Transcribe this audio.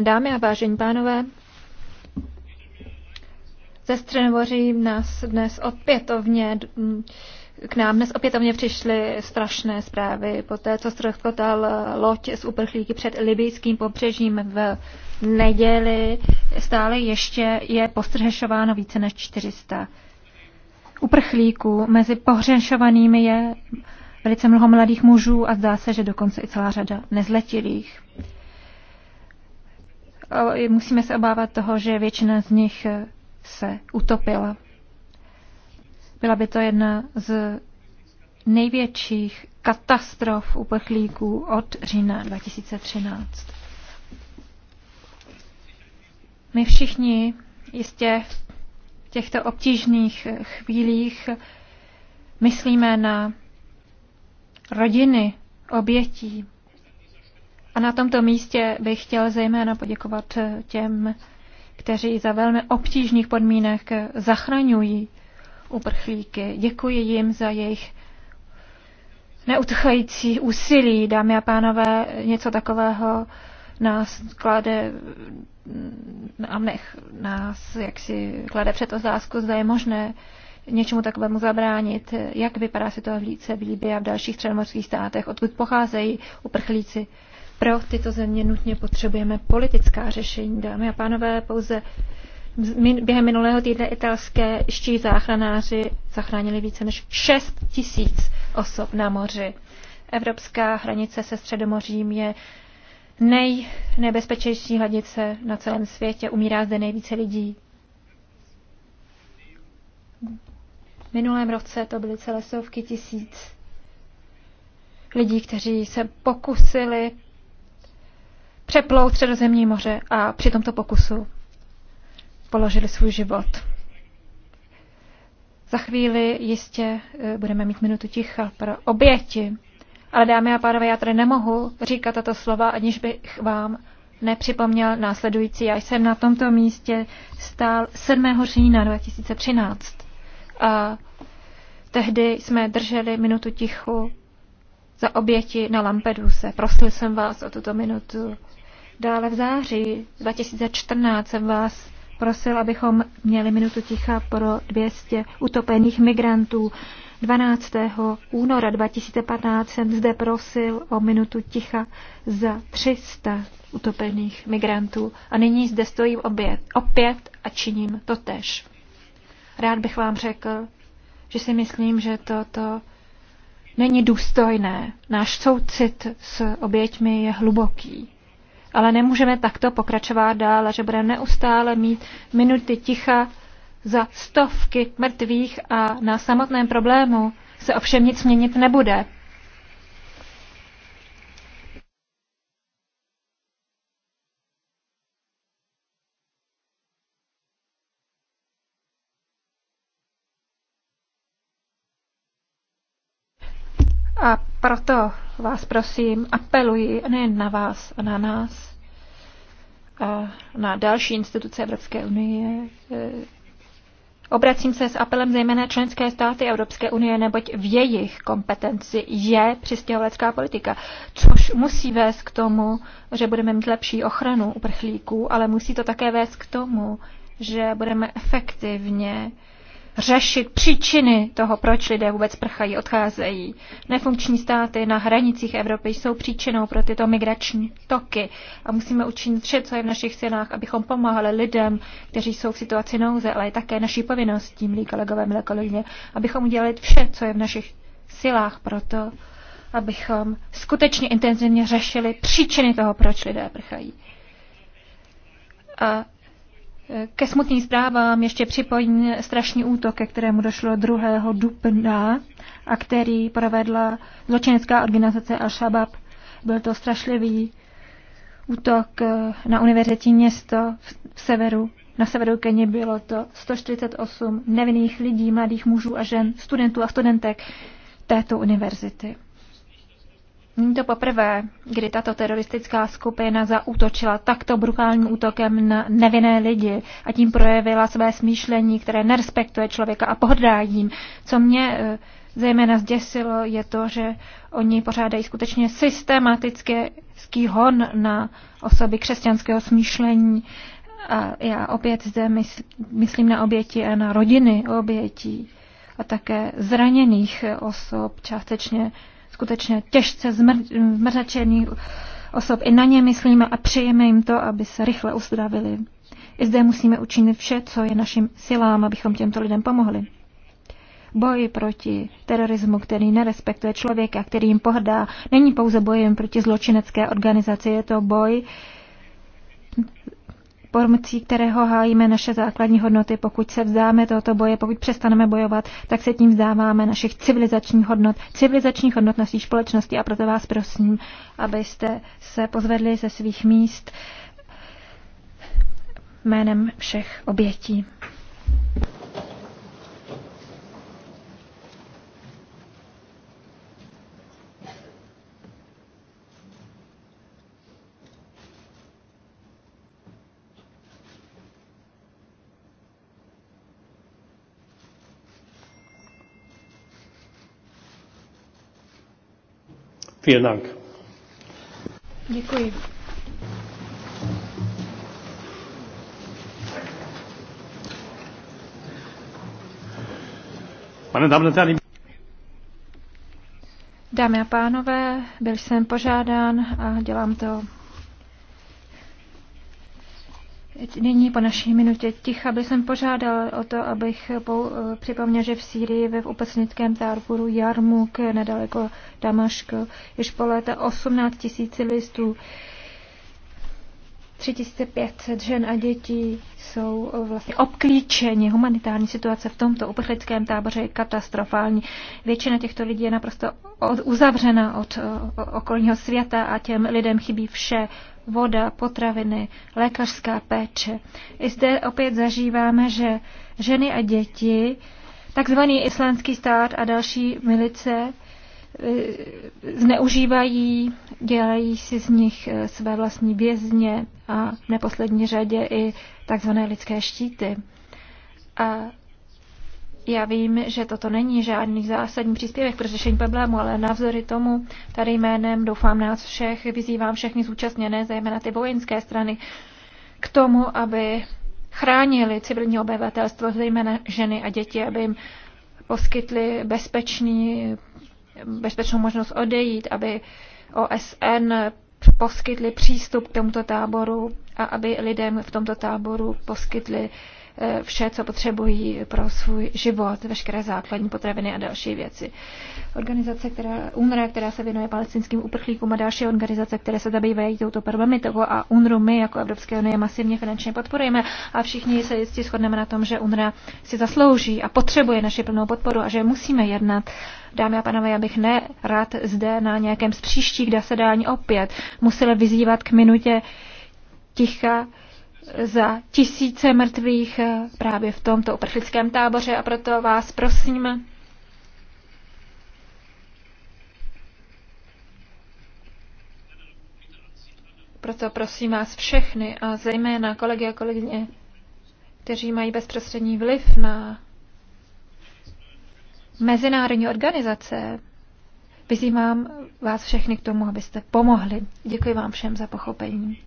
Dámy a vážení pánové, ze Středomoří nás dnes opětovně k nám dnes opětovně přišly strašné zprávy po té, co ztroskotal loď z uprchlíky před libijským pobřežím v neděli. Stále ještě je postřešováno více než 400 uprchlíků. Mezi pohřešovanými je velice mnoho mladých mužů a zdá se, že dokonce i celá řada nezletilých musíme se obávat toho, že většina z nich e, se utopila. Byla by to jedna z největších katastrof uprchlíků od října 2013. My všichni jistě v těchto obtížných e, chvílích myslíme na rodiny obětí, na tomto místě bych chtěl zejména poděkovat eh, těm, kteří za velmi obtížných podmínek eh, zachraňují uprchlíky. Děkuji jim za jejich neutchající úsilí, dámy a pánové, něco takového nás klade mm, a nech nás jak si klade před otázku, zda je možné něčemu takovému zabránit, jak vypadá situace v Líce, v Líbě a v dalších středomorských státech, odkud pocházejí uprchlíci. Pro tyto země nutně potřebujeme politická řešení. Dámy a pánové, pouze během minulého týdne italské ští záchranáři zachránili více než 6 tisíc osob na moři. Evropská hranice se Středomořím je nejnebezpečnější hladice na celém světě. Umírá zde nejvíce lidí. V minulém roce to byly celé stovky tisíc lidí, kteří se pokusili přeplout Středozemní moře a při tomto pokusu položili svůj život. Za chvíli jistě eh, budeme mít minutu ticha pro oběti. Ale dámy a pánové, já tady nemohu říkat tato slova, aniž bych vám nepřipomněl následující. Já jsem na tomto místě stál 7. října 2013 a tehdy jsme drželi minutu tichu za oběti na Lampeduse. Prosil jsem vás o tuto minutu. Dále v září 2014 jsem vás prosil, abychom měli minutu ticha pro 200 utopených migrantů. 12. února 2015 jsem zde prosil o minutu ticha za 300 utopených migrantů a nyní zde stojím obět, opět a činím to tež. Rád bych vám řekl, že si myslím, že toto není důstojné. Náš soucit s oběťmi je hluboký. Ale nemůžeme takto pokračovat dál že budeme neustále mít minuty ticha za stovky mrtvých a na samotném problému se ovšem nic měnit nebude. Proto vás prosím, apeluji nejen na vás a na nás, a na další instituce Evropské unie, eh, Obracím se s apelem zejména členské státy Evropské unie, neboť v jejich kompetenci je přistěhovalecká politika, což musí vést k tomu, že budeme mít lepší ochranu uprchlíků, ale musí to také vést k tomu, že budeme efektivně řešit příčiny toho, proč lidé vůbec prchají, odcházejí. Nefunkční státy na hranicích Evropy jsou příčinou pro tyto migrační toky a musíme učinit vše, co je v našich silách, abychom pomáhali lidem, kteří jsou v situaci nouze, ale je také naší povinností, milí kolegové, milé kolegyně, abychom udělali vše, co je v našich silách pro to, abychom skutečně intenzivně řešili příčiny toho, proč lidé prchají. A ke smutným zprávám ještě připojím strašný útok, ke kterému došlo 2. dubna a který provedla zločinecká organizace Al-Shabaab. Byl to strašlivý útok na univerzitní město v severu. Na severu Keni bylo to 148 nevinných lidí, mladých mužů a žen, studentů a studentek této univerzity. Není to poprvé, kdy tato teroristická skupina zaútočila takto brutálním útokem na nevinné lidi a tím projevila své smýšlení, které nerespektuje člověka a pohrdá jim. Co mě eh, zejména zděsilo, je to, že oni pořádají skutečně systematický hon na osoby křesťanského smýšlení. A já opět zde myslím na oběti a na rodiny obětí a také zraněných osob, částečně skutečně těžce zmrzačených osob. I na ně myslíme a přejeme jim to, aby se rychle uzdravili. I zde musíme učinit vše, co je našim silám, abychom těmto lidem pomohli. Boj proti terorismu, který nerespektuje člověka, který jim pohrdá, není pouze bojem proti zločinecké organizaci, je to boj, pomocí kterého hájíme naše základní hodnoty. Pokud se vzdáme tohoto boje, pokud přestaneme bojovat, tak se tím vzdáváme našich civilizačních hodnot, civilizačních hodnot naší společnosti a proto vás prosím, abyste se pozvedli ze svých míst jménem všech obětí. Vielen Dank. Děkuji. Dámy a pánové, byl jsem požádán a dělám to Nyní po naší minutě ticha bych jsem požádal o to, abych eh, připomněl, že v Sýrii ve v upasnickém Jarmuk nedaleko Damašku již po léta 18 tisíc listů 3500 žen a dětí jsou eh, vlastně obklíčeni. Humanitární situace v tomto uprchlickém táboře je katastrofální. Většina těchto lidí je naprosto uzavřena od eh, okolního světa a těm lidem chybí vše. Voda, potraviny, lékařská péče. I zde opět zažíváme, že ženy a děti, takzvaný islánský stát a další milice zneužívají, dělají si z nich eh, své vlastní vězně a v neposlední řadě i takzvané lidské štíty. A já vím, že toto není žádný zásadní příspěvek pro řešení problému, ale navzory tomu tady jménem doufám nás všech, vyzývám všechny zúčastněné, zejména ty vojenské strany, k tomu, aby chránili civilní obyvatelstvo, zejména ženy a děti, aby jim poskytli bezpečný bezpečnou možnost odejít, aby OSN poskytli přístup k tomuto táboru a aby lidem v tomto táboru poskytli vše, co potřebují pro svůj život, veškeré základní potraviny a další věci. Organizace, která UNRWA, která se věnuje palestinským uprchlíkům a další organizace, které se zabývají touto problematikou a UNRU my jako Evropské unie masivně finančně podporujeme a všichni se jistě shodneme na tom, že UNRWA si zaslouží a potřebuje naši plnou podporu a že musíme jednat. Dámy a pánové, já bych nerad zde na nějakém z příštích zasedání opět musela vyzývat k minutě ticha za tisíce mrtvých eh, právě v tomto uprchlickém táboře a proto vás prosím, Proto prosím vás všechny a zejména kolegy a kolegyně, kteří mají bezprostřední vliv na mezinárodní organizace, vyzývám vás všechny k tomu, abyste pomohli. Děkuji vám všem za pochopení.